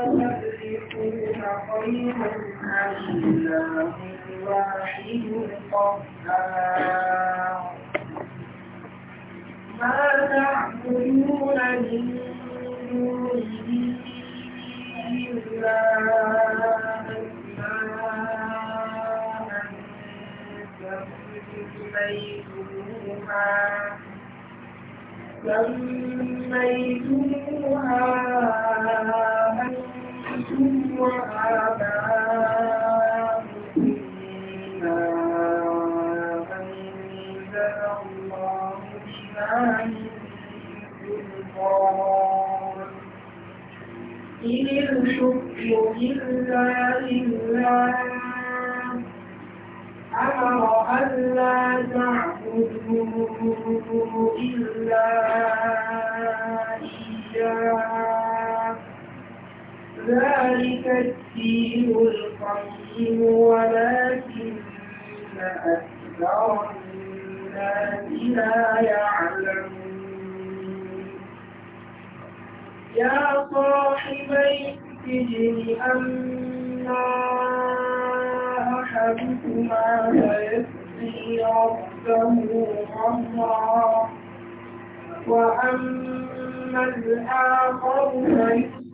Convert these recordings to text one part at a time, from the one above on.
تملكون خير أم الله الواحد القهار ما تعبدون من دونه إلا أسماء سميتموها سميتموها وآبائكم ما أنزل الله بنا من سلطان إن الحكم إلا لله أمر ألا تعبدوا إلا إياه ذلك الدين القيم ولكن أكثر الناس لا يعلمون يا صاحبي السجن أما أحدكما فيسقي ربه أمرا وأما الآخر فيسقي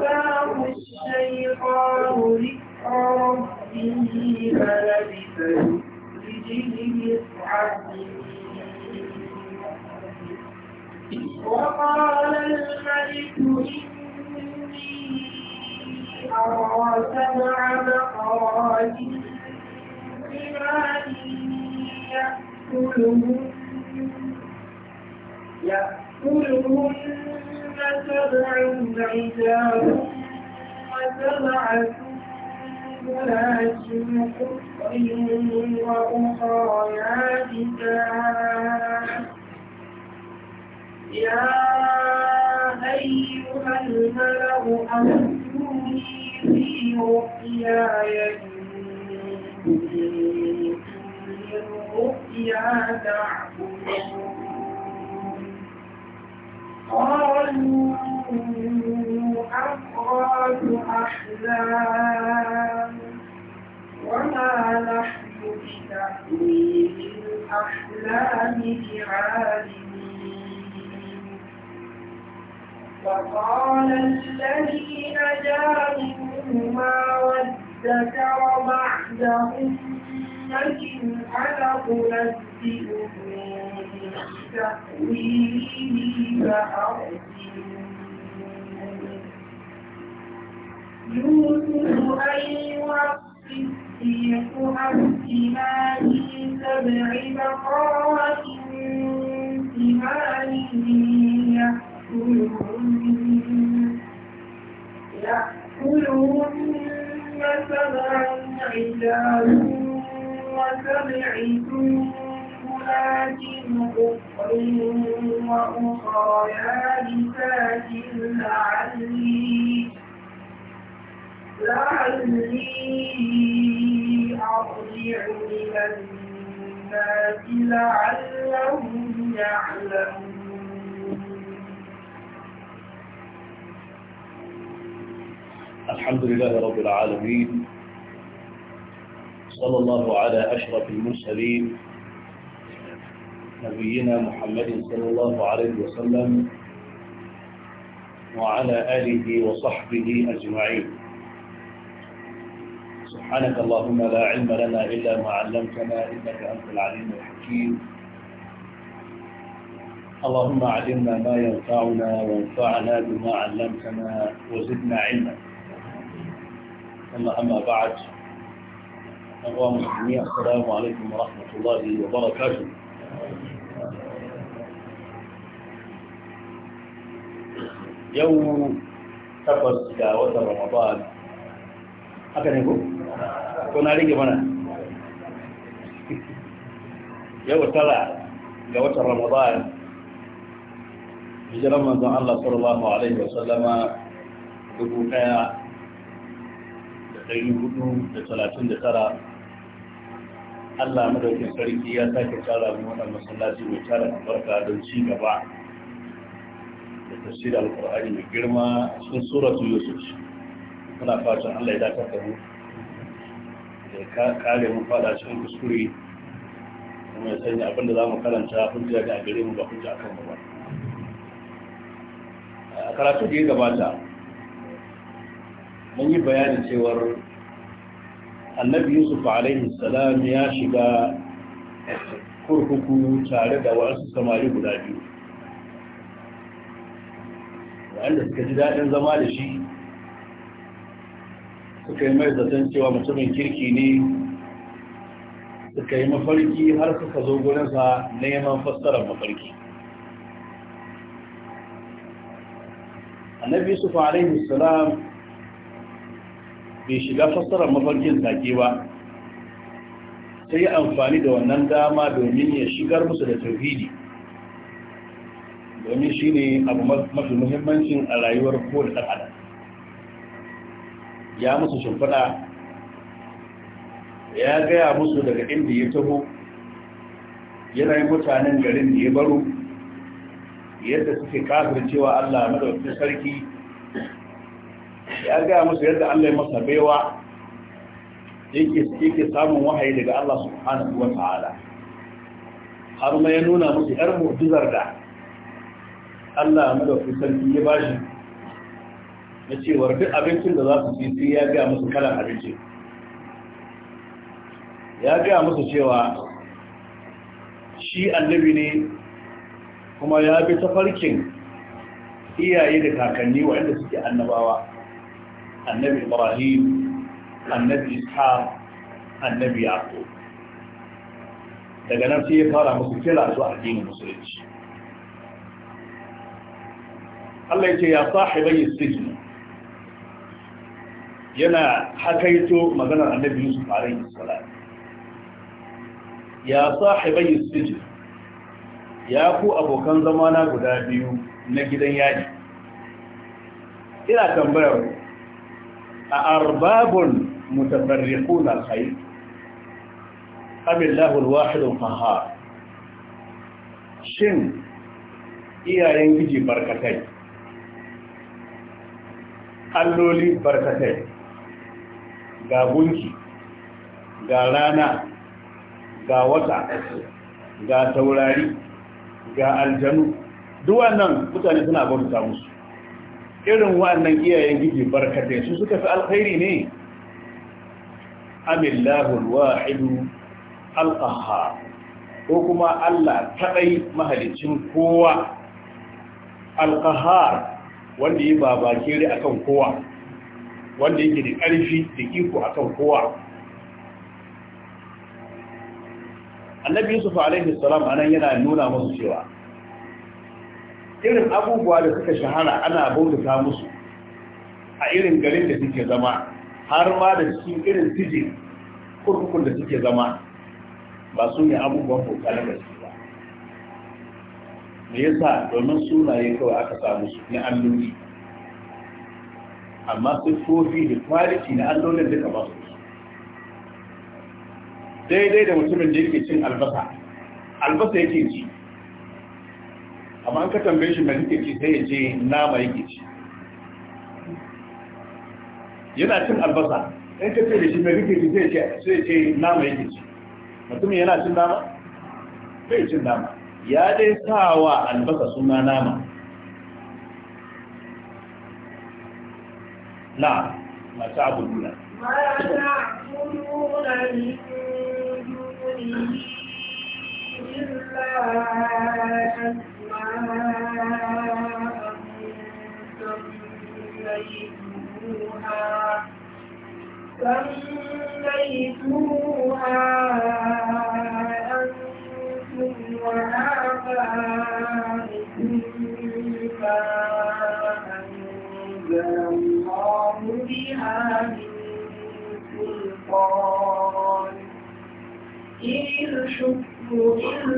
فأتاه الشيطان ذكر ربه فلبث يخرجه تسع وقال الملك إني أرى سبع بقرات سمان يأكلهن يأكلهن سبعين عجاب وسبع سنبلات خضر وأخرى يابسات يا أيها الملأ أفتوني في رؤياي إن كنتم للرؤيا تعبدون قالوا أفراد أحلام وما نحن بتأويل الأحلام بعالمين وقال الذي نجا منهما وادكر بعد أمة أنا أنبئكم بتأويله يوسف أيها الصديق أفتنا في سبع بقرات ثمان يأكلهن يأكلهن سبع عجاف وسبع لعلي لعلي إلى الناس لعلهم يعلمون الحمد لله رب العالمين صلى الله على أشرف المرسلين نبينا محمد صلى الله عليه وسلم وعلى آله وصحبه أجمعين سبحانك اللهم لا علم لنا إلا ما علمتنا إنك أنت العليم الحكيم اللهم علمنا ما ينفعنا وانفعنا بما علمتنا وزدنا علما ثم أما بعد أخوة السلام عليكم ورحمة الله وبركاته yau tabbas ga wata ramadan haka ne ko? ko na rage mana yau tara ga watan ramadan hijiran manzon Allah sallallahu alaihi wa sallama dubu daya da dari hudu da talatin da tara Allah madaukin sarki ya sake tsara mu wannan masallaci mai tara albarka don ci gaba tafsir alkur'ani mai girma cikin suratul yusuf muna fatan allah ya dakar da mu kare mu fada cikin kuskure kuma ya sanya abin da karanta kun ji a gare mu ba hujja akan ba a karatu da ya gabata mun yi bayani cewar annabi yusuf alaihi salam ya shiga kurkuku tare da wasu samari guda biyu wanda suka ji daɗin zama da shi suka yi mai zaton cewa mutumin kirki ne suka yi mafarki har suka zo gurinsa neman fassarar mafarki annabi su fa'arai musulam bai shiga fassarar mafarkin take ba sai amfani da wannan dama domin ya shigar musu da tauhidi domin shi ne abu mafi muhimmancin a rayuwar kowane ɗan adam ya musu shimfiɗa ya gaya musu daga inda ya taho yanayin mutanen garin da ya baro yadda suke kafin cewa allah madawacin sarki ya gaya musu yadda allah ya masa baiwa yake samun wahayi daga allah subhanahu wa ta'ala har ma ya nuna musu yar mu'jizar da Allah ya da sarki ya ba bashi na cewar duk abincin da za su ci sai ya gaya musu kalan abinci ya gaya musu cewa shi annabi ne kuma ya bi ta farkin iyaye da kakanni waɗanda suke annabawa annabi ibrahim annabi ishaq annabi yaqub daga nan sai ya fara musu kira zuwa addinin musulunci Allah ya ce ya sahibai sijin yana hakaito maganar annabi Yusuf alayhi salam ya sahibai sijin ya ku abokan zamana guda biyu na gidan yaji ina tambayar a arbabun mutafarriqun alkhair abillahu alwahid alqahhar shin iyayen giji barkatai alloli barkatai ga gunki ga rana ga wata ga taurari ga aljanu duwannan mutane suna bauta musu irin wannan iyayen giji barkatai su suka fi alkhairi ne amillahul wahidu alqaha ko kuma Allah kadai mahalicin kowa alqahar wanda ya babakere kan kowa wanda yake da ƙarfi da iko kan kowa annabi yusuf alaihi salam anan yana nuna musu cewa irin abubuwa da suka shahara ana bautata musu a irin garin da suke zama har ma da cikin irin tije kurkukun da suke zama ba su ne abubuwan bauta na gaske me yasa domin sunaye kawai aka samu su na alloli amma siffofi da kwaliti na allolin duka ba su daidai da mutumin da yake cin albasa albasa yake ci amma an ka tambaye shi mai yake ci sai ya ce nama yake ci yana cin albasa in ka ce da shi mai yake ci sai ya ce nama yake ci mutumin yana cin nama bai cin nama ya dai sa wa albasa suna nama na masu abu nuna سميتموها سلطان إن الحكم إلا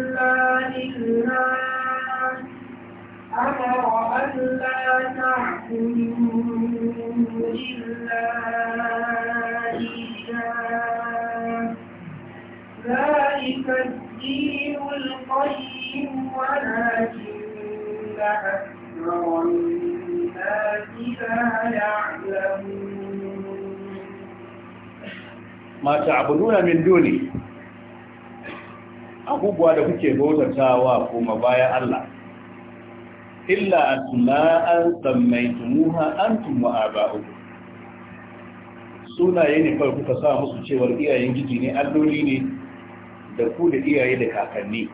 ma nuna min duni abubuwa da kuke bautatawa kuma baya Allah illa an sammaytumuha antum wa aba'ukum sunaye ne kawai kuka sa musu cewar iyayen giji ne alloli ne da ku da iyaye da kakanni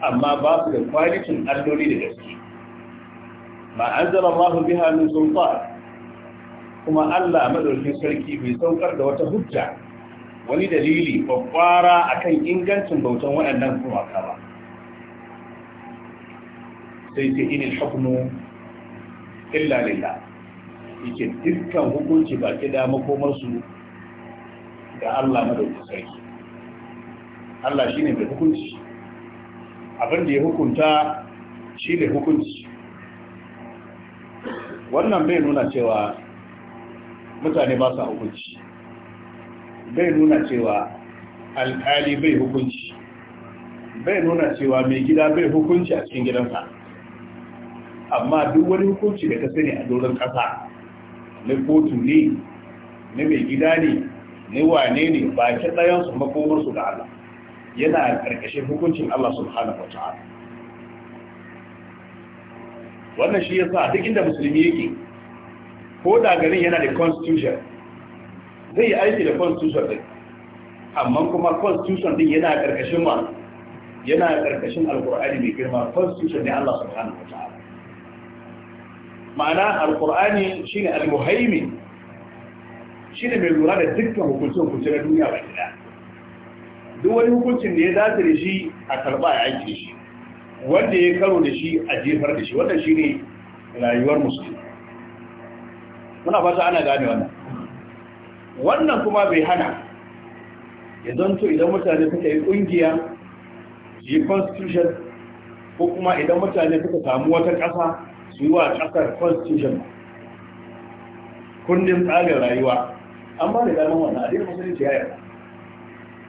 amma ba su da kwalitin alloli da gaske ma an Allah biha min sultan kuma Allah madaukin sarki bai saukar da wata hujja wani dalili babbara akan ingancin bautan waɗannan gumaka ba sai ce inin hukumu illa lillah yake dukkan hukunci ba ke da makomarsu ga Allah madaukakin sarki Allah shine mai hukunci abin da ya hukunta shi ne hukunci wannan bai nuna cewa mutane ba sa hukunci bai nuna cewa alkali bai hukunci bai nuna cewa mai gida bai hukunci a cikin gidansa amma duk wani hukunci da ta sani a doron ƙasa na kotu ne na mai gida ne na wane ne ba su makomar makomarsu da Allah yana ƙarƙashin hukuncin Allah subhanahu wa ta'ala wannan shi yasa duk inda musulmi yake ko da garin yana da constitution zai yi aiki da constitution din amma kuma constitution din yana karkashin ma yana karkashin alqur'ani mai girma constitution ne Allah subhanahu wataala ma'ana alqur'ani shine al almuhaimin shine mai lura da dukkan hukuncin hukuncin na duniya baki daya duk wani hukuncin da ya dace da shi a karba ya aiki shi wanda ya karo da shi a jefar da shi wannan shine rayuwar musulmi muna fata ana gane wannan wannan kuma bai hana ya zanto idan mutane suka yi kungiya su yi constitution ko kuma idan mutane suka samu wata ƙasa su yi wa ƙasar constitution kundin tsarin rayuwa an ba da damar wannan adil musulunci ya yi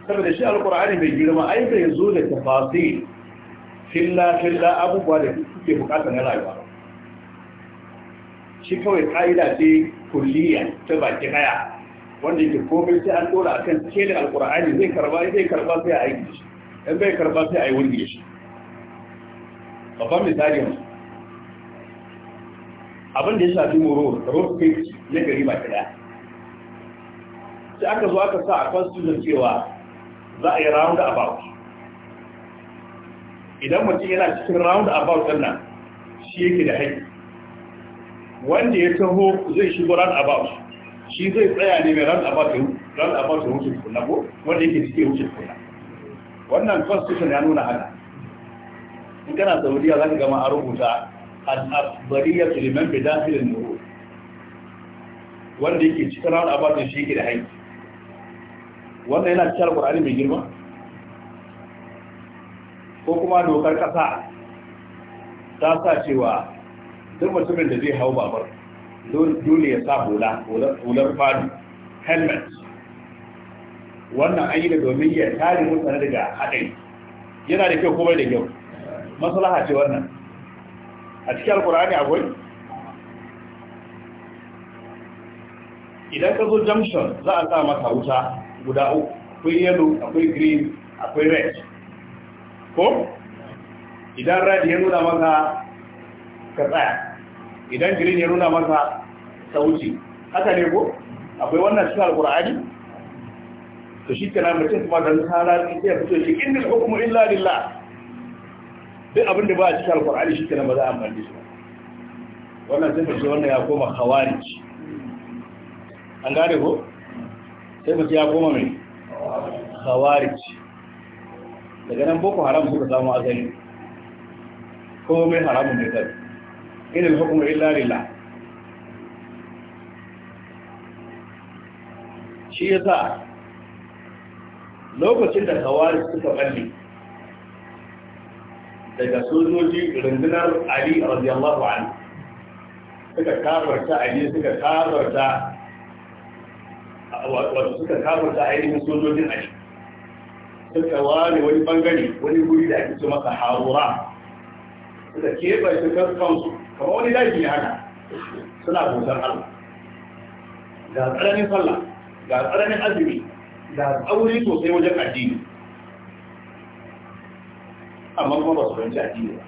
saboda shi alkur'ani mai girma ai bai zo da tafasi filla filla abubuwa da suke bukata na rayuwa shi kawai ka'ida ce kulliya ta baki haya. wanda yake komai sai an dora akan kelin alkur'ani zai karba zai karba sai a aiki shi in bai karba sai a yi wurge shi babban misali ne abin da ya shafi moro road page na gari ba kida sai aka zo aka sa a constitution cewa za a yi round about idan mutum yana cikin round about din nan shi yake da haƙƙi wanda ya taho zai shigo round about shi zai tsaya ne mai ran abatin ran abatin wuce kuna ko wanda yake cike wuce kuna wannan constitution ya nuna haka in kana saudiya za ka gama a rubuta al-asbariya su liman bi dakhilin nuru wanda yake cikin ran abatin shi yake da haƙƙi wannan yana cikin alƙur'ani mai girma ko kuma dokar ƙasa ta sa cewa duk mutumin da zai hau babar dole ya sa hula hular fadi helmet wannan an yi da domin ya kare mutane daga haɗari yana da kyau ko bai da kyau maslaha ce wannan a cikin alkur'ani akwai idan ka zo junction za a sa masa wuta guda uku akwai yellow akwai green akwai red ko idan red ya nuna maka ka tsaya idan girin ya nuna masa ta wuce haka ne ko akwai wannan cikin alkur'ani to shi kana mutum kuma dan tsara sai ya fito shi innal hukmu illa lillah duk abin da ba a cikin alkur'ani shi kana ba za a amfani shi wannan sai fice wannan ya koma khawarij an gane ko sai fice ya koma mai khawarij daga nan boko haram suka samu asali ko mai haramun ne kai in al-hukmu illa lillah shi yasa lokacin da kawari suka balle daga sojoji rundunar ali radiyallahu anhu suka kafarta ali suka kafarta wato suka kafarta ainihin sojojin ali suka ware wani bangare wani guri da ake ce masa harura suka keɓe shi kansu kamar wani daji haka suna bautar Allah ga tsananin sallah ga tsananin azumi ga tsauri sosai wajen addini amma kuma ba su rance addini ba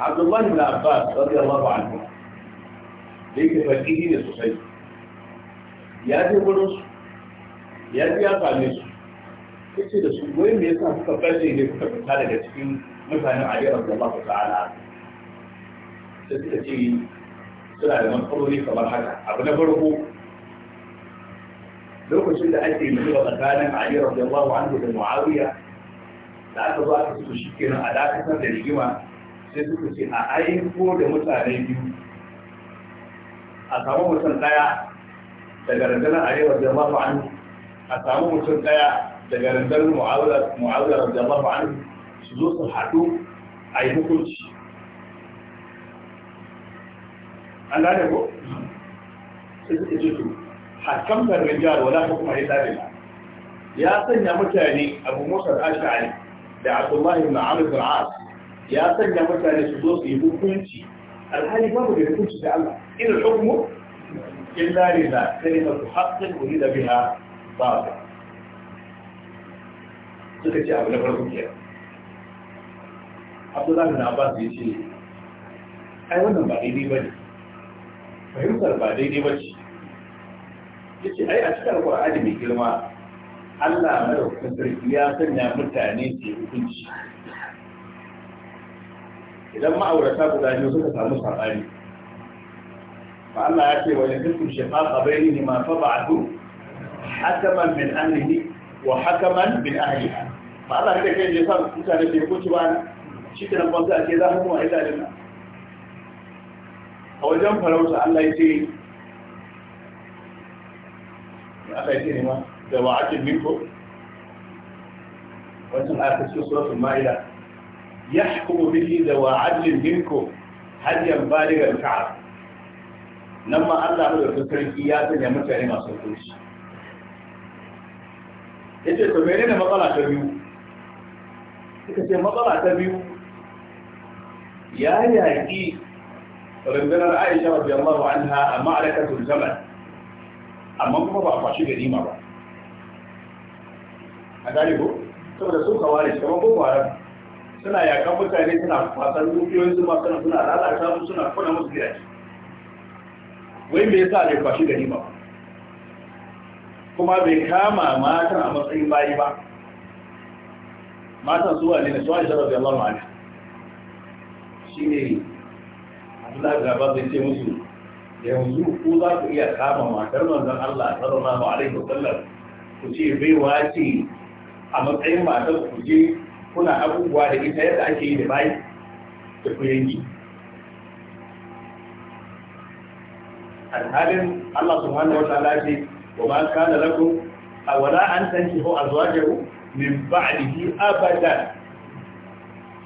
Abdullahi bin Abbas radiyallahu anhu da yake fakihi ne sosai ya je wurin su ya ji ya same su yace da su goyi me yasa suka bace ne kuka fita daga cikin mutanen Ali radiyallahu ta'ala da suka ce suna da matsaloli kamar haka abu na farko lokacin da ake mutuwa tsakanin Ali radiyallahu anhu da Muawiya da aka zo aka su shi a dakatar da rigima sai suka ce a aiko da mutane biyu a samu mutum daya daga rundunar Ali radiyallahu anhu a samu mutum daya daga rundunar Muawiya radiyallahu anhu su zo su haɗu a yi hukunci an gane ko sai suka ce su hakan da jihar wala hukuma tsari ba ya sanya mutane abu musa da ashari da abdullahi ibn amir ibn as ya sanya mutane su zo su yi hukunci alhali babu da hukunci da Allah in al-hukmu illa na kalimatu haqqin urida biha ba suka ce abu na farko kenan abdullahi na ba yi shi ne ai wannan ba daidai ba ne fahimtar ba daidai ba ce ya ce ai a cikin alkur'ani mai girma allah madaukakin sarki ya sanya mutane ke hukunci idan ma'aurata guda biyu suka samu saɓani ba allah ya ce wani kasu shafafa bai ne ma fa ba'adu hakaman min ahlihi wa hakaman min ahliha ba allah kada kai ne sa mutane ke hukunci ba ne. cikin wanda ake banza a za a kuma ila a wajen farauta Allah ya ce Allah ya ce ne ma da wa'akin minko wancan a cikin da ma'ida يحكم به ذوى عدل منكم هديا بالغ الكعب لما الله هو يفكر قياسا يا متى ما سوتوش yace to menene matsala ta biyu suka ce matsala ta biyu ya yaƙi rundunar aisha radiyallahu anha a ma'arakatul zaman amma kuma ba a da ganima ba a gane saboda sun kawari kamar boko suna yakan mutane suna kwasan dukiyoyin zuma suna suna lalata su suna kuna musu gidaje wai me yasa ne kwashi ganima ba kuma bai kama matan a matsayin bayi ba matan su ne na shawar da da an ha shi ne abdullahi gaba zai ce musu yanzu ku za ku iya kama matar manzon Allah sallallahu alaihi wasallam ku ce baiwa ce a matsayin matar ku je kuna abubuwa da ita yadda ake yi da bai da ku yanki alhalin Allah subhanahu wa ta'ala ce wa ma kana lakum awala an tanki tankihu azwajahu min ba'dihi abadan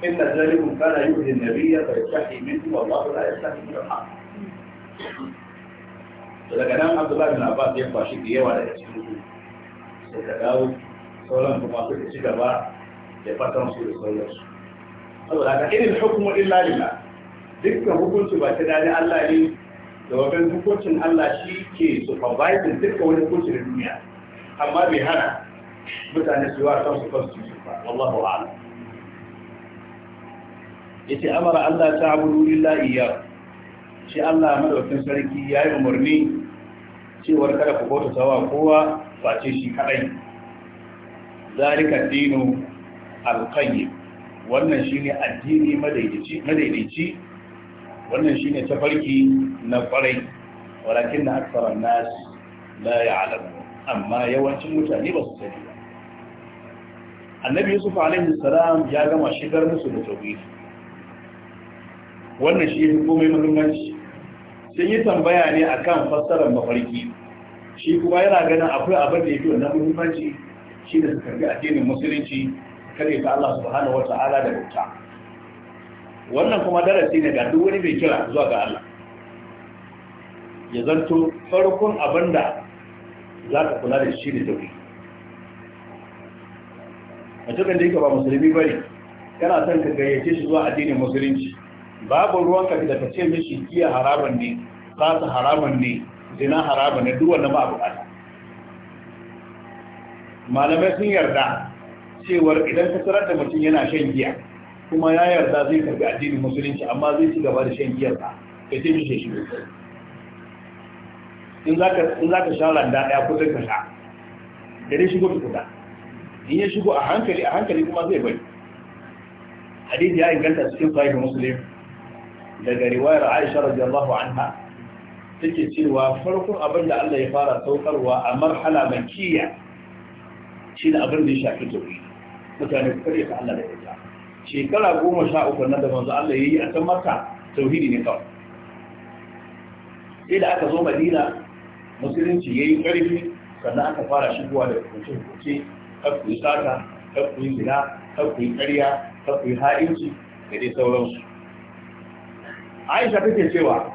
إن ذلكم كان يؤذي النبي فيستحي منه والله لا يستحي من الحق daga nan abdullahi bin abbas ya kwashi da yawa daga cikin su sai ka dawo sauran kuma su ci gaba da fatan su da sauran su saboda haka irin hukumu illa lillah dukkan hukunci ba ta dani Allah ne da wajen hukuncin Allah shi ke supervising dukkan wani hukunci da duniya amma bai hana mutane su yi wa kansu kansu su ba wallahu a'lam yace amara Allah ta'budu illa iyyah shi Allah madaukakin sarki yayi umarni cewar kada ku bauta sawa kowa face shi kadai zalika dinu alqayyim wannan shine addini madaidaici madaidaici wannan shine tafarki na kwarai walakin na aksaran nas la ya'lamu amma yawancin mutane ba su sani ba annabi yusuf alaihi salam ya gama shigar musu da tauhidi wannan shi ne komai muhimmanci sun yi tambaya ne a kan fassarar mafarki shi kuma yana ganin akwai abin da fi wannan muhimmanci shi da su karbi addinin musulunci kare ta Allah subhanahu Ta'ala da bauta wannan kuma darasi ne ga duk wani mai kira zuwa ga Allah ya zanto farkon abin da za ka kula da shi da tauri a cikin da yake ba musulmi bari kana son ka gayyace shi zuwa addinin musulunci babu ruwanka da ka ce mishi giya haraban ne kasa haraban ne zina haraban ne duk wannan ba bukata malamai sun yarda cewar idan ka tarar da mutum yana shan giya kuma ya yarda zai karbi addinin musulunci amma zai ci gaba da shan giyar ba, ka ce mishi shi in za ka sha randa ɗaya kudin ka sha da dai shigo tukuta in ya shigo a hankali a hankali kuma zai bari hadisi ya inganta cikin sahihin muslim daga riwayar Aisha radiyallahu anha take cewa farkon abin da Allah ya fara saukarwa a marhala makiyya shi da abin da ya shafi tauri mutane su karya ta Allah da ita shekara goma sha uku na da manzo Allah ya yi a can tauhidi ne kawai sai da aka zo madina musulunci ya yi ƙarfi sannan aka fara shigowa da hukunce-hukunce kar ku yi sata kar ku yi zina kar ku yi ƙarya kar ku yi ha'inci da dai sauransu aisha take cewa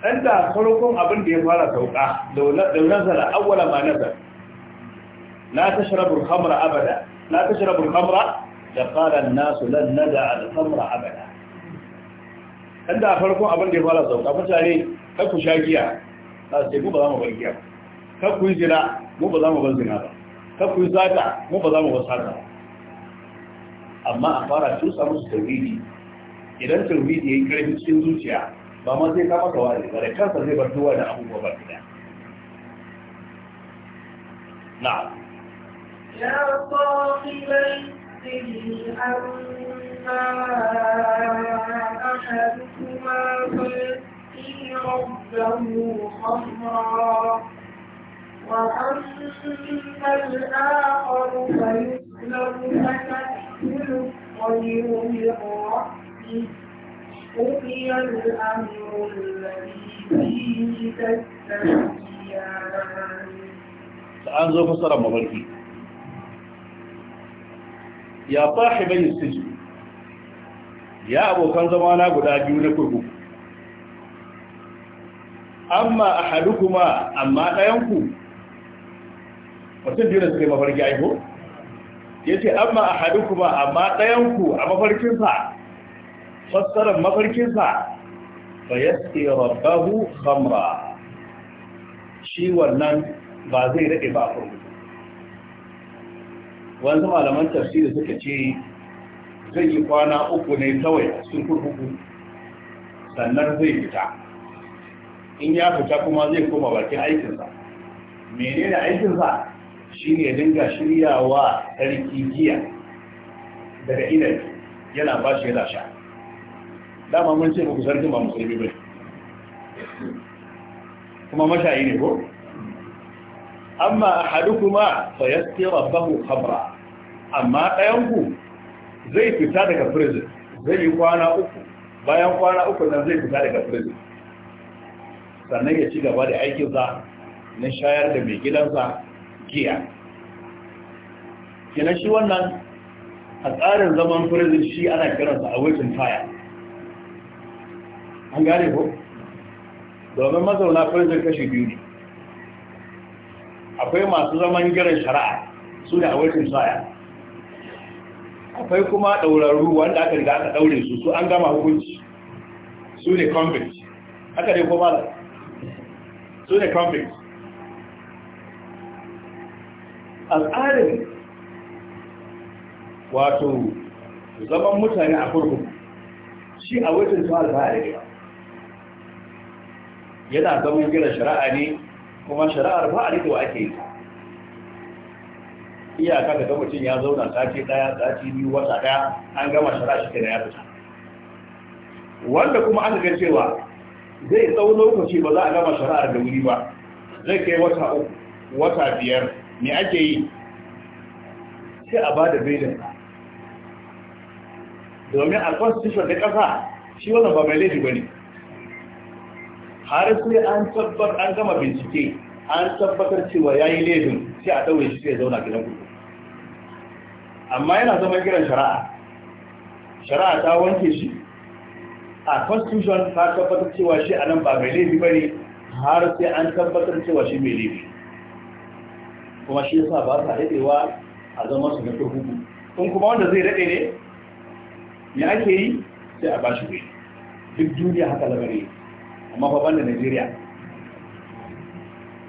dan da farkon abin da ya fara sauka da nazara awwala ma nazar la al khamra abada la al khamra da qala an nasu lan nada al-khamra abada dan da farkon abin da ya fara sauka mutane kar ku sha giya za su ce mu ba za mu bar giya kar ku jira, mu ba za mu bar zina ba kar ku zaka mu ba za mu bar sata amma a fara tusa musu tauhidi idan tauhidi yi karfi cikin zuciya ba ma zai kama ka wani ba da kansa zai bar duwa da abubuwa ba gida na ya sahibai sirri amma ahadukuma fi rabbahu وأما الآخر فيسلب فتأكل الطير من قضي الأمر الذي فيه تستهزئان an zo fasarar mafarki ya fahi bayin siji ya abokan zama na guda biyu na kurku amma a haɗu kuma amma ɗayanku mutum biyu da suka mafarki aiko ya ce amma a haɗu kuma amma ɗayanku a mafarkinsa fassarar mafarkinsa ba ya rabbahu khamra shi wannan ba zai daɗe ba a kurkuku wanzu malaman tafsiri suka ce zai yi kwana uku ne kawai sun kurkuku sannan zai fita in ya fita kuma zai koma bakin aikinsa menene aikinsa shi ne dinga shiryawa sarki giya daga inabi yana bashi yana sha dama mun ce muku sarkin ba musulmi ba kuma mashayi ne ko amma ahadukuma yasti rabbahu khabra amma ɗayan ku zai fita daga prison zai yi kwana uku bayan kwana uku nan zai fita daga prison sannan ya ci gaba da aikinsa na shayar da mai gidansa giya kina shi wannan a tsarin zaman prison shi ana kiransa a waiting fire an gane ko domin mazauna farjin kashi biyu ne akwai masu zaman girin shari'a su da awaitin saya akwai kuma ɗaurarru wanda aka riga aka ɗaure su su an gama hukunci su ne convict aka ne kuma da su ne convict a tsarin wato zaman mutane a kurkuku shi a wajen su yi. yana zama gina shari'a ne kuma shari'ar ba a rikewa ake yi iyaka ka ga mutum ya zauna sati daya sati biyu wata daya an gama shari'a shi kenan ya fita wanda kuma aka ga cewa zai tsawon lokaci ba za a gama shari'ar da wuri ba zai kai wata uku wata biyar me ake yi sai a bada da ka domin a constitution da ƙasa shi wannan ba mai laifi bane har sai an tabbar an gama bincike an tabbatar cewa ya yi laifin sai a ɗaure shi sai zauna gidan kuku amma yana zama kiran shari'a shari'a ta wanke shi a constitution ta tabbatar cewa shi a nan ba mai laifi ba ne har sai an tabbatar cewa shi mai laifi kuma shi yasa ba sa daɗewa a zama su na kurkuku in kuma wanda zai daɗe ne ya ake yi sai a ba shi duk duniya haka lamari amma fa banda Najeriya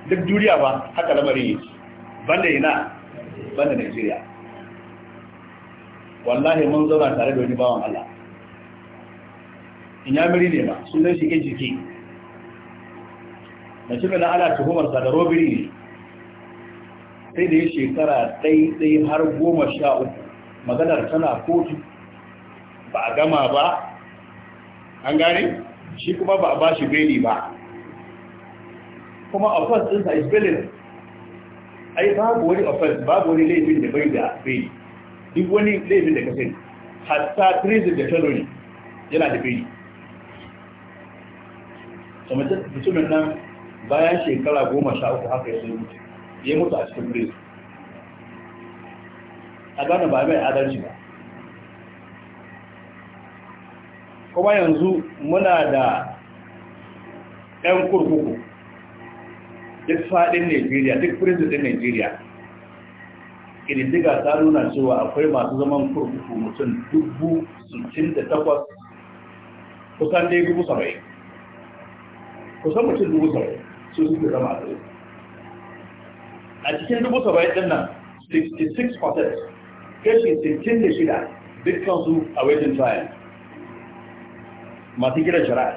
duk duniya ba haka lamarin yake banda ina banda Najeriya wallahi mun zauna tare da wani bawan Allah In inyamiri ne ba zai shi ejiki na shi na ala tuhumar sa da robiri ne sai da ya shekara ɗaiɗai har goma sha uku maganar tana kotu ba a gama ba an gane shi kuma ba a ba shi beli ba kuma offense ɗinsa is belin ai babu wani offense babu wani laifin da bai da beli duk wani laifin da ka hatta treason da felony yana da beli samantar mutumin nan bayan shekara goma sha uku haka ya zai mutu ya mutu a cikin prison a gane ba mai adalci ba kuma yanzu muna da 'yan kurkuku duk faɗin Najeriya duk prison din Najeriya ƙididdiga ta nuna cewa akwai masu zaman kurkuku mutum dubu sittin da takwas kusan dai dubu saba'in kusan mutum dubu saba'in su suke zama a tsaye a cikin dubu saba'in ɗin nan 66% kashi 66 dukkan su a wajen trial masu gidan shari'a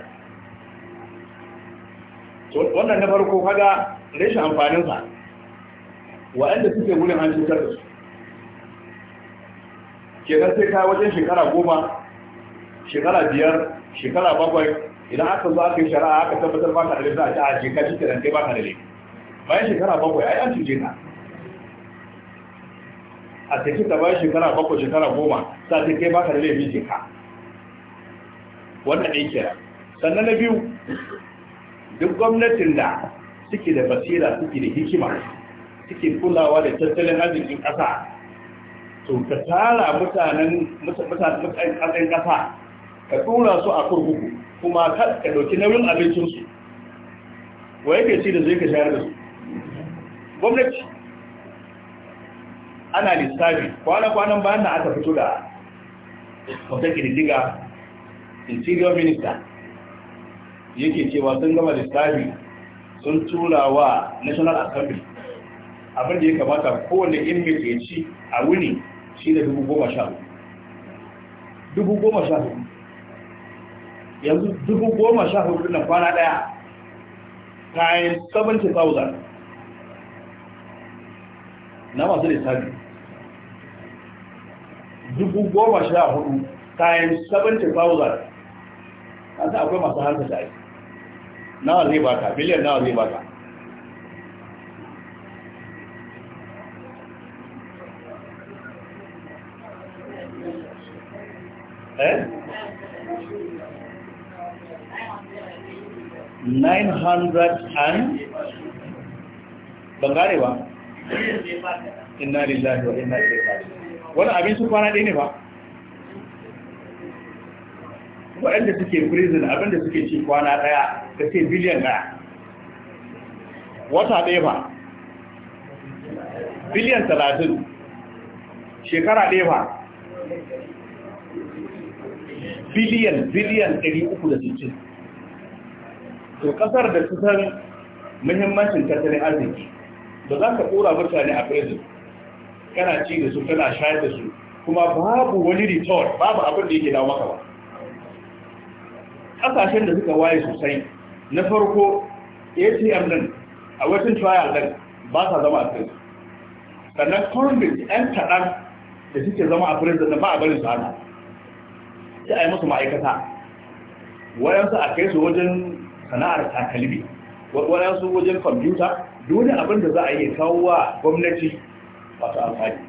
wannan na farko kaga rashin amfaninsa waɗanda suke wurin an cutar da su kenan sai ka wajen shekara goma shekara biyar shekara bakwai idan aka zo aka yi shari'a aka tabbatar baka da laifin a ta a shekara cikin kenan ba baka da laifin bayan shekara bakwai ai an cuce ka a tafi ta bayan shekara bakwai shekara goma sa sai kai baka da laifin jeka. wannan ne kira sannan na biyu duk gwamnatin da suke da basira suke da hikima suke kulawa da tattalin arzikin ƙasa to ka tara mutanen mutanen ƙasa ka tura su a kurkuku kuma ka ɗauki nauyin abincinsu wa yake ci da zai ka shayar da su gwamnati ana lissafi kwana-kwanan bayan da aka fito da wata ƙididdiga interior minister yake cewa sun gama lissafi sun tura wa national assembly abinda ya kamata kowane ilmi ya ci a wuni shi da dubu goma sha dubu goma sha hudu yanzu dubu goma sha hudu na kwana daya kayan 70,000 na masu lissafi dubu goma sha hudu kayan 70,000 an sa akwai masu hanta da nawa zai ta? miliyan nawa zai ta? eh 900 ba inna lillahi wa inna ilaihi raji'un wannan abin su kwana ɗaya ne ba waɗanda suke prison abinda suke ci kwana ɗaya da ce biliyan ɗaya wata ɗaya ba biliyan talatin shekara ɗaya ba biliyan biliyan ɗari uku da sittin to ƙasar da su san muhimmancin tattalin arziki da za ka ɗora mutane a prison kana ci da su kana shayar da su kuma babu wani return babu abin da yake dawo maka ba ƙasashen da suka waye sosai na farko atm din a watan trial din ba sa zama a prison sannan convict 'yan kaɗan da suke zama a prison da ba a barin su hana sai a yi musu ma'aikata wayansu a kai su wajen sana'ar takalmi waɗansu wajen kwamfuta dole abin da za a yi kawo wa gwamnati masu amfani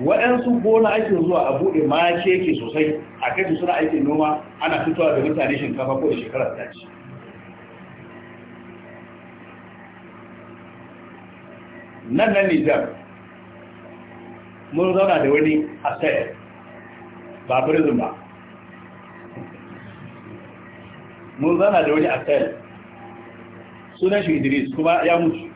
waɗansu gona ake zuwa a buɗe ma keke sosai a kai suna aikin noma ana fitowa da mutane shinkafa ko da shekarar ta ce nan nan nijar mun zauna da wani a sayar ba birnin ba mun zauna da wani a sayar sunan shi idris kuma ya mutu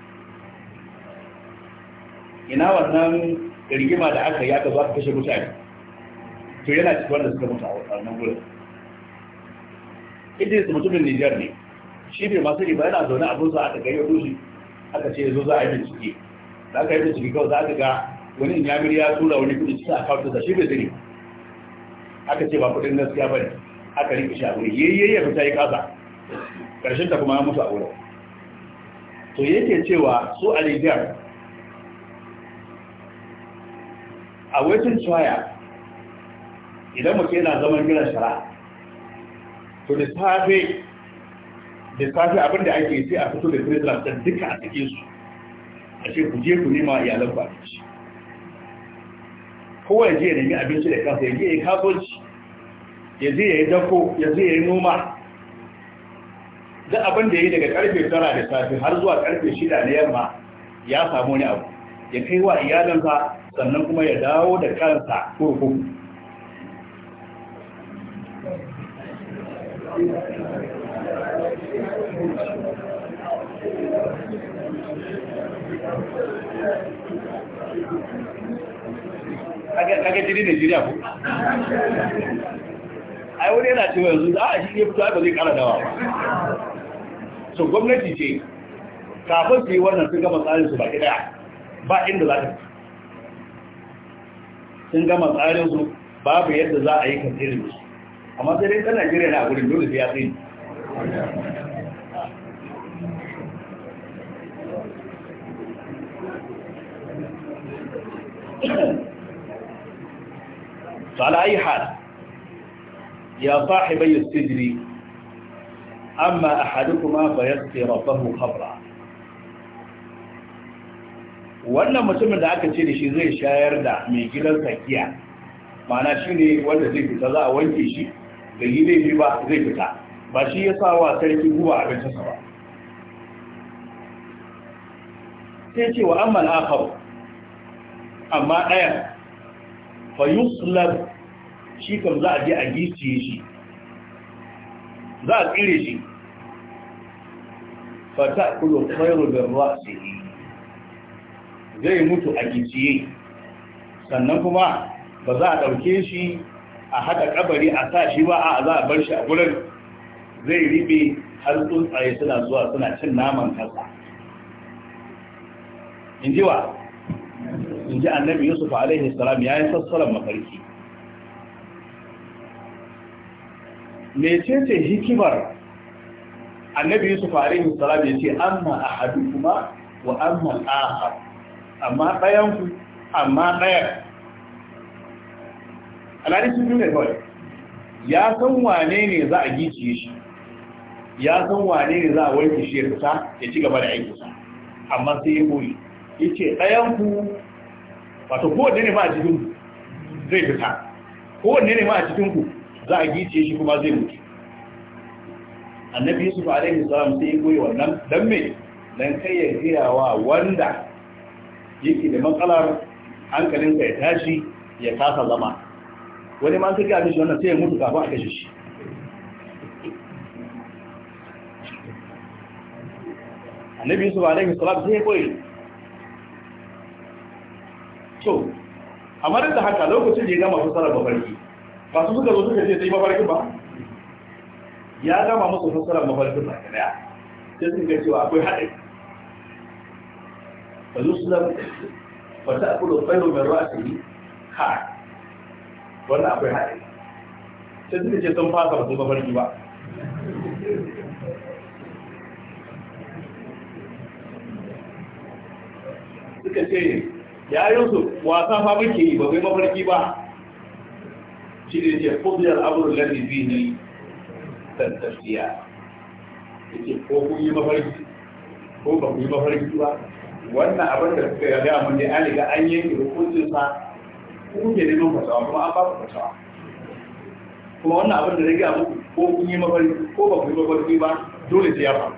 ina wannan rigima da aka yi aka zo aka kashe mutane to yana cikin wanda suka mutu a wannan gurin su mutumin nijar ne shi bai masu riba yana zaune abin sa aka gayyato shi aka ce zo za a yi bincike da aka yi bincike kawai za ka ga wani inyamir ya tura wani kudi cikin akawuntin sa shi bai zini aka ce ba kudin gaskiya ba ne aka rike shi a wuri yayyayi ya fita ya kasa karshen ta kuma ya mutu a wurin to yake cewa su a nijar a wajen tsaya idan mutum yana zaman gidan shara to da safe da safe abin da ake sai a fito da prisoners ɗin duka a cikin su a ce ku je ku nema iyalan ku abinci kowa ya je ya nemi abinci da kansa ya je ya yi kasuwanci ya je ya yi dako ya je ya yi noma da abin da ya yi daga karfe tara da safe har zuwa karfe shida na yamma ya samu wani abu ya kai wa iyalansa sannan kuma ya dawo da kansa kurkuk kaga jiri Najeriya ko? Ai wani yana cewa yanzu a ah, shi ya fito ba zai kara dawa ba. So gwamnati ce kafin su yi wannan sun gama tsarin su baki daya ba inda za ta fi. sun gama tsarin su babu yadda za a yi kan irin su amma sai dai ɗan Najeriya na gurin dole sai ya tsaye ya أي حال amma a السجن kuma أحدكما فيسقي ربه خبرا wannan mutumin da aka ce da shi zai shayar da mai gidan sakiya mana shi ne wanda zai fita za a wanke shi da yi laifi ba zai fita ba shi ya sa wa sarki guba abincinsa ba sai ce wa amman akhar amma ɗayan fa yuslab shi kam za a je a giciye shi za a tsire shi fa ta'kulu ruwa bi ra'sihi zai mutu a gicciye sannan kuma ba za a ɗauke shi a haɗa kabari a sa shi ba a za a bar shi a gurin zai ribe har tsuntsaye suna zuwa suna cin naman kasa. in ji wa in ji annabi yusuf alaihi salam ya yi sassaran mafarki mecece hikimar annabi yusuf alaihi salam ya ce amma kuma wa amma al amma ɗayan ku amma ɗayan alhali sun biyu kawai ya san wane ne za a giciye shi ya san wane ne za a wanke shi ya fita ya ci gaba da aikinsa amma sai ya koyi ya ce ɗayan ku wato kowanne ne ma a cikin zai fita kowanne ne ma a cikin ku za a giciye shi kuma zai mutu annabi yusuf alaihi salam sai ya koyi wannan don me dan kai ya gaya wa wanda yake da matsalar hankalinka ya tashi ya kasa zama wani ma suka shi wannan sai ya mutu kafin a kashe shi annabi yusuf alaihi salam sai ya koyi to marar da haka lokacin da ya gama fassara mafarki ba su suka zo suka ce sai mafarki ba ya gama musu fassara mafarki ba daya sai suka cewa akwai haɗari fa yuslam fa ta'kulu khayru min ra'sihi wannan akwai haɗi sai suka ce sun fasa ba mafarki ba suka ce ya yusuf wasa fa muke yi ba mafarki ba shi ne ce ne tafiya ya ce ko kun yi mafarki ba kun yi mafarki ba wannan abin da suka yi mun dai an riga an yanke hukuncin sa ku ne neman fasawa kuma an ba ku fasawa kuma wannan abin da rage muku ko kun yi mafarki ko ba ku yi mafarki ba dole sai ya faru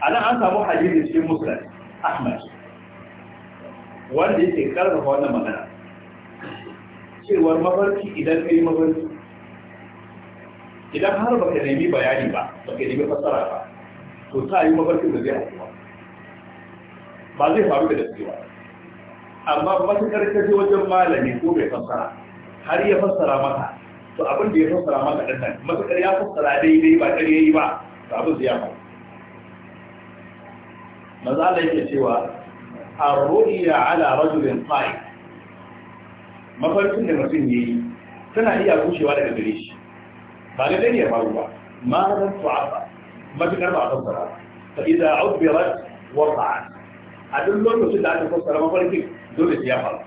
a nan an samu hadisi cikin musulun ahmad wanda yake karfafa wannan magana cewar mafarki idan ka yi mafarki idan har baka nemi bayani ba baka nemi fasara ba to ta yi mafarkin da zai haifuwa ba zai faru da gaske ba amma masu ka wajen malami ko mai fassara har ya fassara maka to abin da ya fassara maka ɗan nan matuƙar ya fassara daidai ba ƙarya yi ba to abin zai faru maza Allah yake cewa ar-ru'ya ala rajulin qa'id mafarkin da mutum yi tana iya gushewa daga gare shi ba da dai ya faru ba ma ran tu'afa ما في أربعة فصلة فإذا عبرت وضعت هذا اللون يسد عن الفصلة ما قال فيه دول السياحة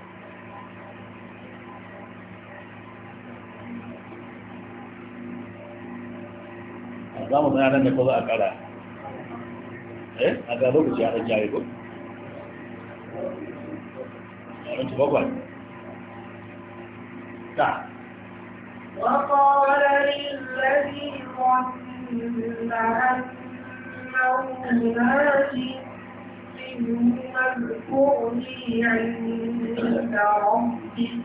أقام ما يعلم يقضى أكالا إيه؟ أقال ربك يا رجال يقول أنت بقول نعم. وقال للذي واذكرني عند ربك فأنفاه الشيطان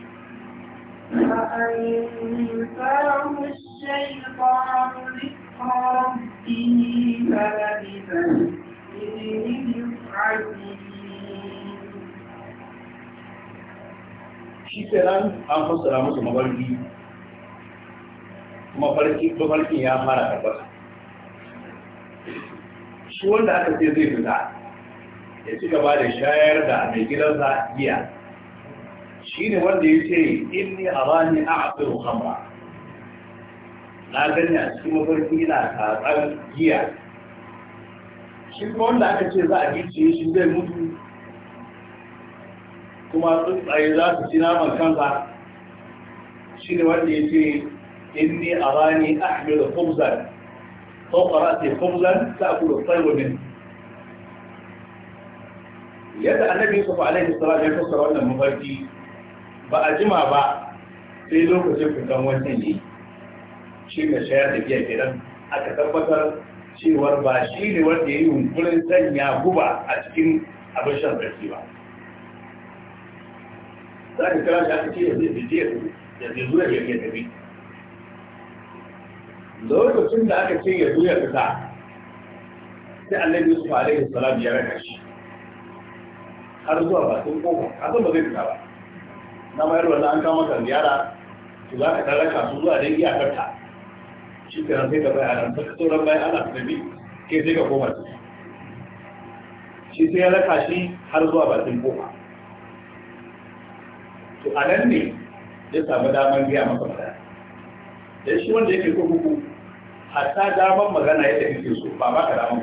shi kenan an fassara musu mafarki mafarkin ya fara tabbata shi wanda aka ce zai fita ya ci gaba da shayar da mai gidansa giya shi ne wanda ya ce inni a rani a asiru hamra na gani a cikin mafarki na tatsar giya shi kuma wanda aka ce za a gice shi zai mutu kuma tsuntsaye za su ci naman kansa shi ne wanda ya ce inni a rani a asiru hamra فوق رأسه خبزا تأكل الطير منه yadda annabi yusuf alaihi salam ya fassara wannan mafarki ba a jima ba sai lokacin fitan wannan ne shi ka shayar da biya kenan aka tabbatar cewar ba shi ne wanda ya yi hunkurin sanya guba a cikin abin shan sarki ba za ka kira shi aka ce ya zai zai lokacin da aka ce ya zo ya fita sai annabi yusuf alaihi salam ya raka shi har zuwa bakin kofa a san ba zai fita ba na mayar wanda an kama kan ziyara su za ka taraka su zuwa dai iyakar ta shi kenan sai ka an ta sauran bayan ana tafi ke sai ka koma su shi sai ya raka shi har zuwa sun kofa to a nan ne ya samu damar biya masa magana da shi wanda yake kurkuku hatta daman magana yadda kake so ba ba ka daman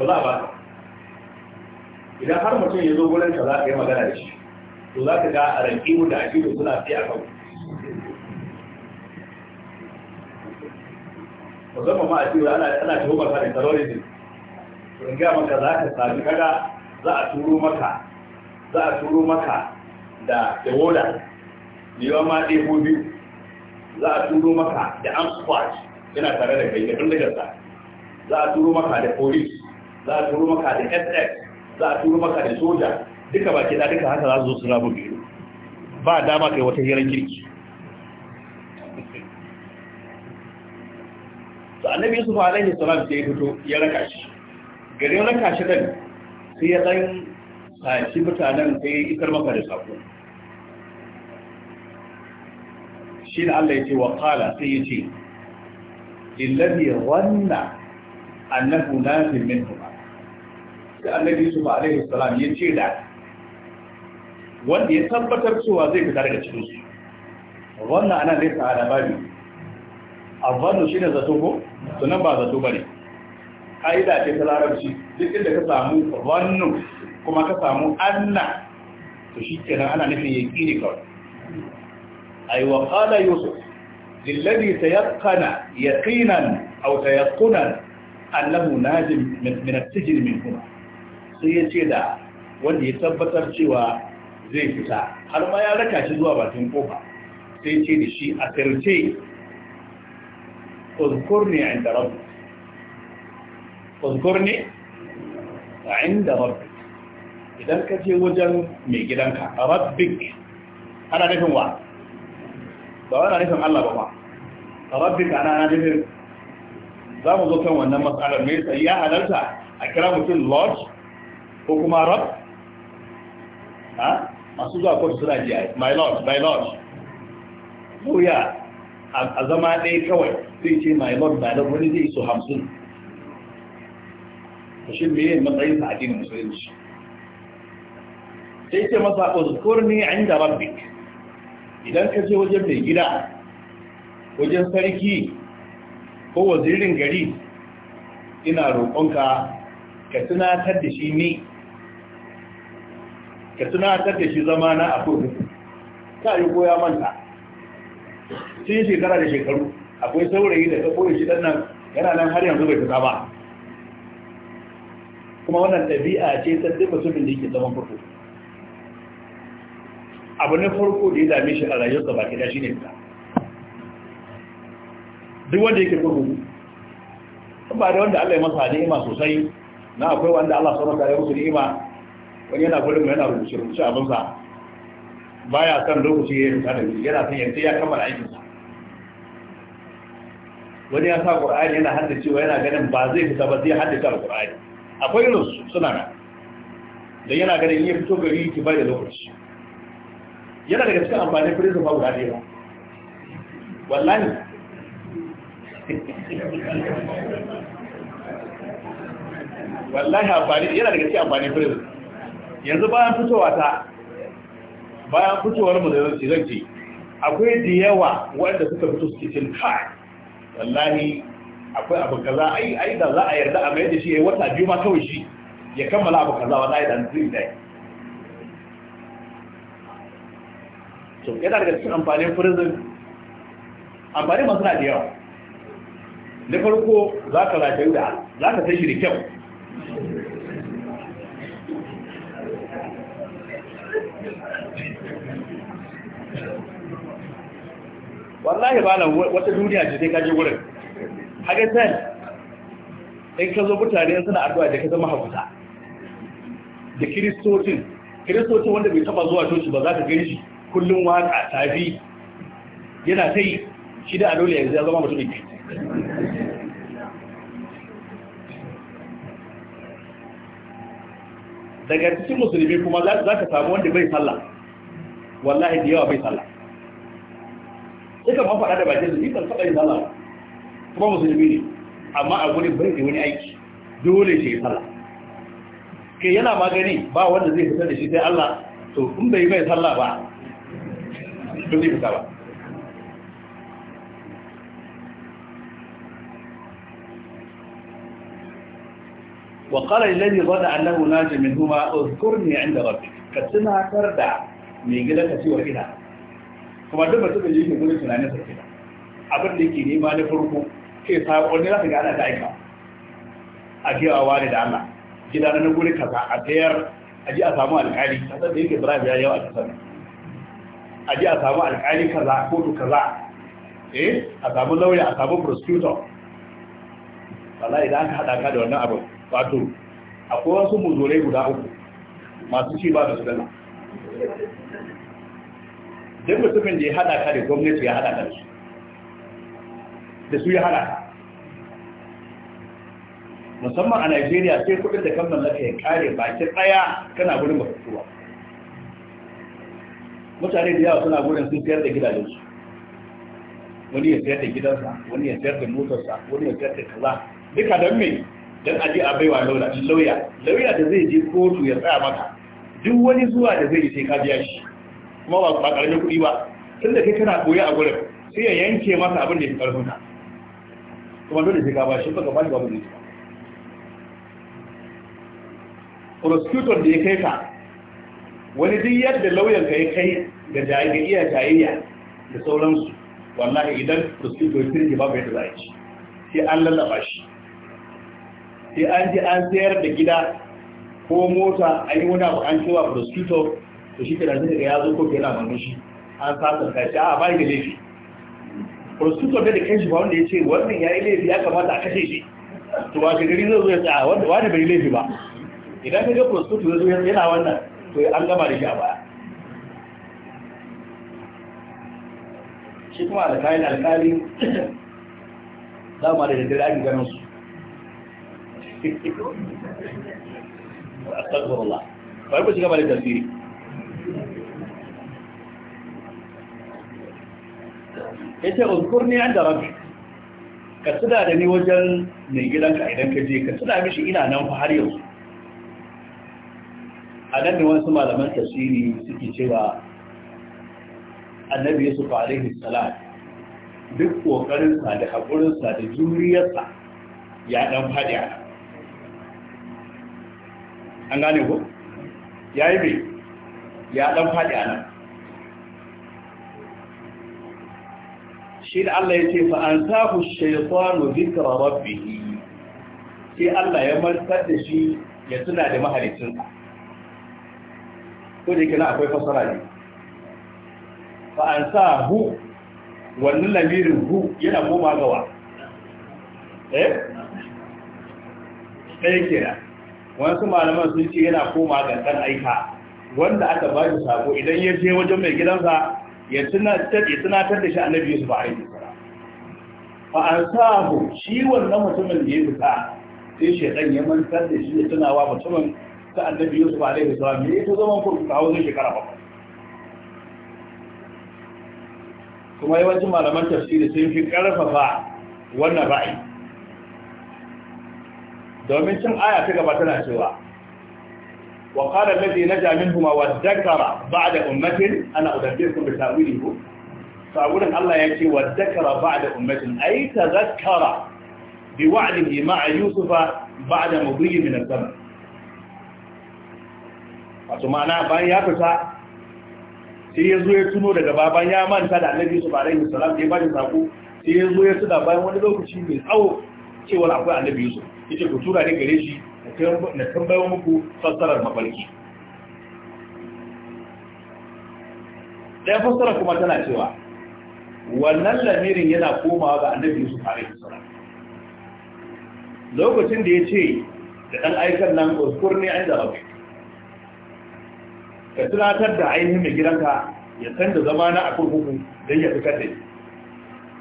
ba ba za ba idan har mutum ya zo gurin ka za ka yi magana da shi to za ka ga a mu da da suna fi a kan zama ma a wa ana tuhu maka da terrorism in ga maka za ka sami kaga za a turo maka za a turo maka da ewola yiwa ma ɗebo biyu za a turo maka da amsquash yana tare da kai da bindigar daga za a turo maka da police za a turo maka da sx za a turo maka da soja duka baki da duka haka za su zo su rabu biyu ba dama kai wata hirar kirki to annabi yusuf alaihi salam sai ya fito ya raka shi garin raka shi dan sai ya dan sashi mutanen sai ya isar maka da sako shi da Allah ya ce wa qala sai ya ce illabi wannan annahu nafin min huma da annabi Yusuf alaihi salam ya ce da wanda ya tabbatar cewa zai fita daga cikin su wannan ana nesa a labari shi ne zato ko sunan ba zato ba bane ƙa'ida ce ta larabci duk inda ka samu wannan kuma ka samu anna to shi ke nan ana nufin ya ƙi ne kawai ai wa ƙala yusuf lillazi tayaqqana yaqinan aw tayaqqunan annahu najim min at-tijri min kuma sai yace da wanda ya tabbatar cewa zai fita har ma ya raka shi zuwa bakin kofa sai ce da shi a tarce uzkurni inda rabbi uzkurni inda rabbi idan ka je wajen mai gidanka rabbik ana nufin wa ba wani nufin Allah ba ba a rabbi ka ana nufin za mu zo kan wannan matsalar mai tsayi ya halarta a kira mutum lord ko kuma rab ha masu zuwa kotu suna ji my lord my lord buya a zama ɗaya kawai sai ce my lord my lord wani zai so hamsin ta shi mai matsayin sa addinin musulunci sai ce masa uzkurni inda rabbik idan ka je wajen mai gida wajen sarki ko wazirin gari ina roƙonka ka tunatar da shi ne ka tunatar da shi zama na a kudu ta yi goya manta sun shekara da shekaru akwai saurayi da ta shi ɗan nan yana nan har yanzu bai fita ba kuma wannan ɗabi'a ce ta duk mutumin da yake zaman furfuku abu na farko da ya dame shi a rayuwarsa ba da shi ne fita duk wanda yake kurkuku ba da wanda Allah ya masa ima sosai na akwai wanda Allah sauran ta ya musu ima wani yana mai yana rubuce rubuce abinsa baya kan lokaci ya fita da yana son yanzu ya kammala aikinsa wani ya sa ƙur'ani yana haddacewa yana ganin ba zai fita ba zai haddace da ƙur'ani akwai irin suna na da yana ganin iya fito gari ki bai da lokaci yana daga cikin amfani prison ba guda ɗaya wallahi wallahi amfani yana daga cikin amfani prison yanzu bayan fitowa ta bayan fitowar mu da zan ce akwai da yawa wanda suka fito suke cin kai wallahi akwai abu kaza ai ai da za a yarda a mai da shi ya yi wata biyu ma kawai shi ya kammala abu kaza wallahi dan zai dai to yana daga cikin amfanin prison amfani masu na da yawa na farko za ka rajayu da za ka sai shi da kyau wallahi ba na wata duniya ce sai kaje wurin hagatan in ka zo mutane suna addu'a da ka zama hakuta da kiristocin kiristocin wanda bai taba zuwa coci ba za ka gani shi kullum waka tafi yana ta yi shi da alole yanzu ya zama mutum ne daga cikin musulmi kuma za ka samu wanda bai sallah wallahi da yawa bai sallah suka ma faɗa da bakin su nisan saɓa yin sallah kuma musulmi ne amma a gudun bai da wani aiki dole shi ya sallah ke yana magani ba wanda zai fitar da shi sai Allah to kun bai bai sallah ba ba zai fita ba وقال الذي ظن أنه ناج inda اذكرني عند ربك كتنا mai gida قلت سوى إله kuma duk mutum da yake gudun tunanin sa kenan abin da yake nema na farko ke sa wani zaka ga ana da aika a ji a wani da Allah gida na gurin kaza a tayar a ji a samu alƙali kasan da yake Ibrahim ya yau a sami. a ji a samu alƙali kaza kotu kaza eh a samu lauya a samu prosecutor wala idan aka haɗa ka da wannan abin wato akwai wasu muzurai guda uku masu ci ba da su dana duk mutumin da ya haɗa ka da gwamnati ya haɗa ka da su da su ya haɗa ka musamman a Najeriya sai kuɗin da kan mallaka ya kare baki ɗaya kana wurin mafi mutane da yawa suna gurin sun fiyar da gidajensu wani ya fiyar da gidansa wani ya fiyar da motarsa wani ya fiyar da kaza duka don me don aji a baiwa lauya lauya lauya da zai je kotu ya tsaya maka duk wani zuwa da zai yi sai ka biya shi kuma ba ba karamin kuɗi ba tun da kai kana koya a gurin sai ya yanke masa abin da ya fi karfin ka kuma dole sai ka ba shi baka ba babu ba ne prosecutor da ya kai ka wani duk yadda lauyan ka ya kai ga jayayya iya jayayya da sauransu wallahi idan prosecutor ya firge babu yadda za a ci sai an lallaba shi sai an ji an sayar da gida ko mota a yi wani abu an cewa prosecutor to shi kira zai ga ya zo kofi yana shi an ka shi a bayi da laifi prosecutor da da kanshi ba wanda ya ce wannan ya yi laifi ya kamata a kashe shi to ba ka gari zai zo ya tsaya wanda bai laifi ba idan ka ga prosecutor zai zo yana wannan to an gama da shi a baya shi kuma alkalin alkali dama da daddare ake ganin su astagfirullah bari ku shiga bari tasiri yace uzkurni inda rabbi ka tuna da ni wajen mai gidanka idan ka je ka tuna mishi ina nan fa har yanzu a nan ne wasu malaman tasiri suke cewa annabi yusuf alaihi salat duk ƙoƙarinsa da haƙurinsa da juriyarsa ya ɗan faɗi a nan an gane ko ya yi mai ya ɗan faɗi a nan shi da Allah ya ce an sahu shaifanu zikra rabbihi sai Allah ya martar da shi ya tuna da mahalicinsa ko da yake na akwai fasara ne fa an sa hu wannan lamirin hu yana koma gawa eh ɗaya da, wasu malaman sun ce yana koma ga ɗan aika wanda aka ba shi sako idan ya je wajen mai gidansa ya tunatar da shi annabi yusuf a aiki sara fa an sa hu shi wannan mutumin da ya fita sai shaidan ya mantar da shi ya tunawa mutumin ta annabi yusuf alaihi salam ne ta zaman kurkuku a wajen shekara ba kuma yawancin malaman tafsiri sun fi karfafa wannan ra'ayi domin cin aya ta gaba tana cewa wa qala alladhi naja minhuma wa dhakara ba'da ummatin ana udabbirukum bi ta'wilihi sa'urin Allah ya ce wa dhakara ba'da ummatin ay tadhakkara bi wa'dihi ma'a yusufa ba'da mudhi min al-zaman wato ma'ana bayan ya fita sai ya zo ya tuno daga baban ya manta da annabi su alaihi salam ya ba shi sako sai ya zo ya tuna bayan wani lokaci mai tsawo cewa akwai annabi yusuf ce ku tura ne gare shi na tambayo muku fassarar mafarki ɗaya fassara kuma tana cewa wannan lamirin yana komawa ga annabi yusuf alaihi salam lokacin da ya ce da ɗan aikan nan kurni ne an zarafi ka tunatar da ainihin mai gidanka ya san da zama na a kurkuku don ya fi da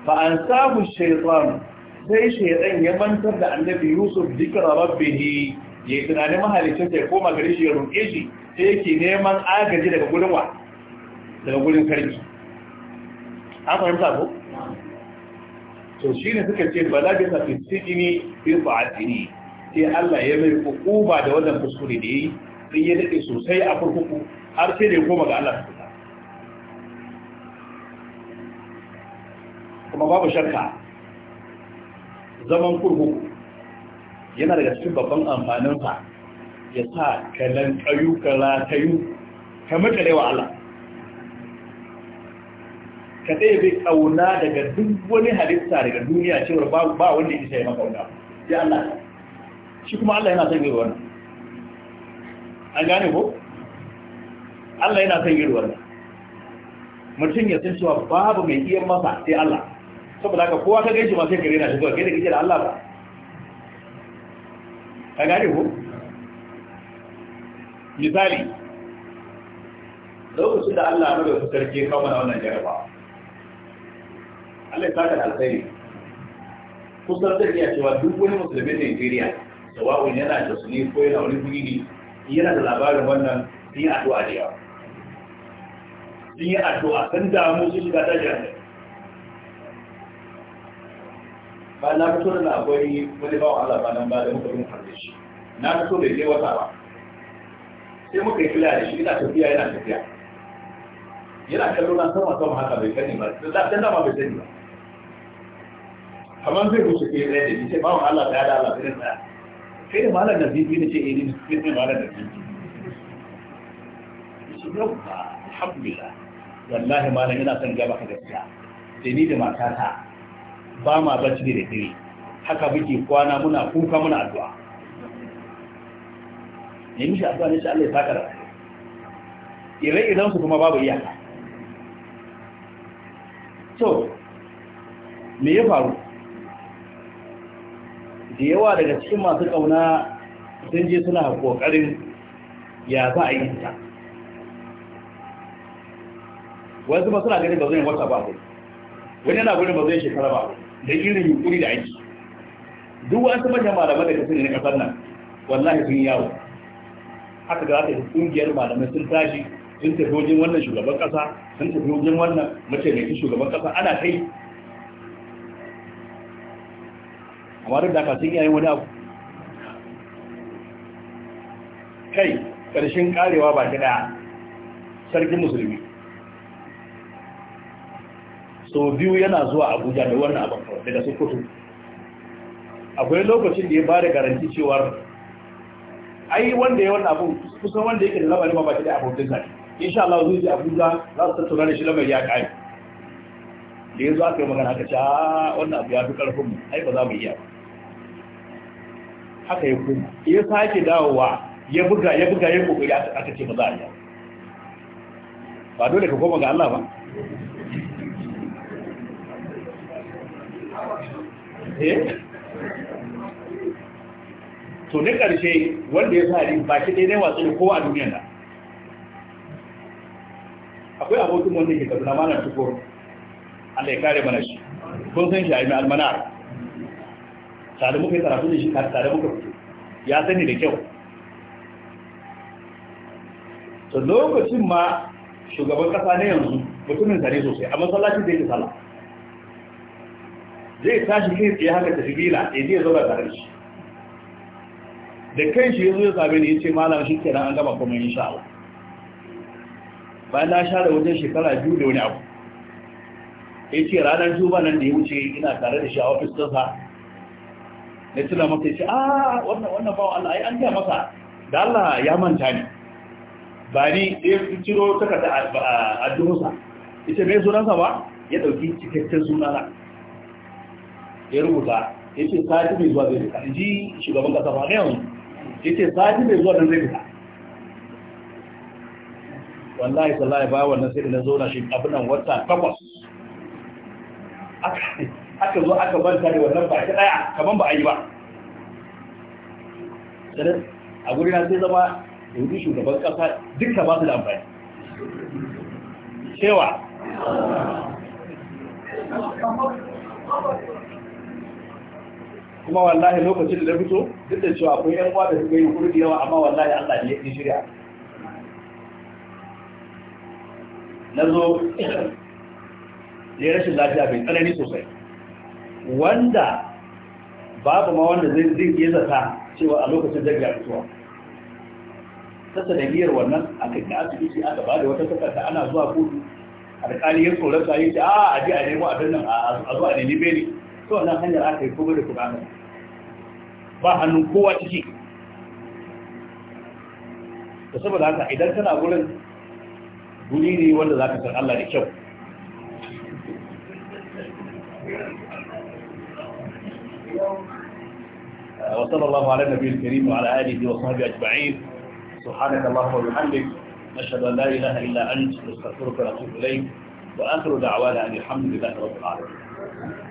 fa an samu shaitan sai shaitan ya mantar da annabi yusuf zikra rabbihi ya tunanin mahalicin sai koma gari shi ya roƙe shi sai yake neman agaji daga gudun wa daga gudun karki an fahimta ko to ne suka ce bala bi sa fisidini bi ba'atini sai Allah ya mai hukuma da wannan kuskure da yayi sai ya dade sosai a kurkuku har sai da ya koma ga Allah kuma babu shakka zaman kurkuku yana daga cikin babban amfaninsa ya sa kalan kayu kalatayu ka wa Allah ka ɗaya bai ƙauna daga duk wani halitta daga duniya cewar ba wanda ya isa ya makauna ya Allah shi kuma Allah yana son yi wannan an gane ko Allah yana son yin mutum ya san cewa babu mai iya masa sai Allah saboda haka kowa ka gaishe masu yankari na shigar gina gina da Allah ba ka gane ku? misali lokacin da Allah ya rubuta sarki kawo mana wannan jaraba Allah ya saka alkhairi kusan da ya cewa duk wani musulmi da Nigeria sawa'un yana da suni ko yana wani guri yana da labarin wannan sai addu'a da yawa sun yi addu'a sun damu su shiga ta jami'a Ba na fito da labari akwai wani wa Allah ba nan ba da muka rumfar harbe shi na fito da je wata ba sai muka yi kila da shi ina tafiya yana tafiya yana kallo na sama sama haka bai sani ba dan dama bai sani ba kamar zai wuce ke tsaye da ni sai wa Allah ta da Allah sai tsaya kai da malam da bibi ne ce eh ni sai malam da bibi shi ba alhamdulillah wallahi malam ina son gaba ka gaskiya sai ni da matata ba ma bacci da dare haka muke kwana muna kuka muna addu'a ne mishi addu'a ne Allah ya saka da ire idan su kuma babu iyaka to me ya faru da yawa daga cikin masu kauna sun je suna kokarin ya za a yi ta wanzu ba suna ganin ba zai wata ba wani yana gudun ba zai shekara ba da irin yunkuri da aiki duk wasu manyan malamai da ka sani na kasar nan wallahi sun yawo haka da aka yi kungiyar malamai sun tashi sun tafi wajen wannan shugaban kasa sun tafi wajen wannan mataimakin shugaban kasa ana kai amma duk da aka sun yayin wani abu kai ƙarshen karewa ba ta daya sarkin musulmi so biyu yana zuwa abuja mai wannan abin kawai daga sokoto akwai lokacin da ya ba da garanti cewar ai wanda ya wannan abu kusan wanda yake da lamarin mabaki shi da abokin sa insha Allah zuwa abuja za su tattauna da shi lamar ya kai da yanzu aka yi magana aka ce wannan abu ya fi karfin mu ai ba za mu iya ba haka ya kuma ya sake dawowa ya buga ya buga ya kokari aka ce ba za a iya ba dole ka koma ga Allah ba Eh? to ne ƙarshe wanda ya fari ba shi ɗaya watsu da kowa a duniyar da akwai abokin wanda ke kaduna mana tukur allah ya kare mana shi kun san shi a yi mai almanar tare muka yi karatu da shi tare muka fito ya sani da kyau to lokacin ma shugaban kasa ne yanzu mutumin sare sosai a masallacin da ke sala zai tashi ne tsaye haka tafi bila ya je zauna tare shi da kan shi yanzu ya same ya ce malam shi kenan an gama kuma insha Allah bayan na share wajen shekara biyu da wani abu Ya ce ranar juba nan da ya wuce ina tare da shi a ofis ɗinsa na tuna masa ce a ah, wannan wannan bawa Allah ai an ga masa da Allah ya manta ni ba ni ya ciro takarda addu'a sa yace me sunansa ba ya ɗauki cikakken sunana ya rubuta ya ce sati mai zuwa zai fita in ji shugaban kasa ba ne ya ce sati mai zuwa don zai fita wallahi sallahi ba wannan sai da na zauna shi abinan wata takwas aka zo aka banta da wannan ba ta ɗaya kaman ba a yi ba a guri na sai zama da wuce shugaban kasa duka ba su da amfani cewa kuma wallahi lokacin da na fito duk da cewa akwai yan uwa da suka yi kurdi yawa amma wallahi Allah ne ya shirya na zo ne rashin lafiya bai tsanani sosai wanda babu ma wanda zai zai iya zata cewa a lokacin da ya fitowa da biyar wannan aka ga asibiti aka bada da wata takarda ana zuwa kudu alƙali ya tsoron sa yace a a je a nemo abin nan a zuwa a nemi beli to nan hanyar aka yi kuma da kuma ba hannun kowa ciki da saboda haka idan kana gurin guri ne wanda za ka san Allah da kyau وصلى الله على النبي الكريم وعلى آله وصحبه أجمعين سبحانك اللهم وبحمدك نشهد أن لا إله إلا أنت نستغفرك ونتوب إليك وآخر دعوانا أن الحمد لله رب العالمين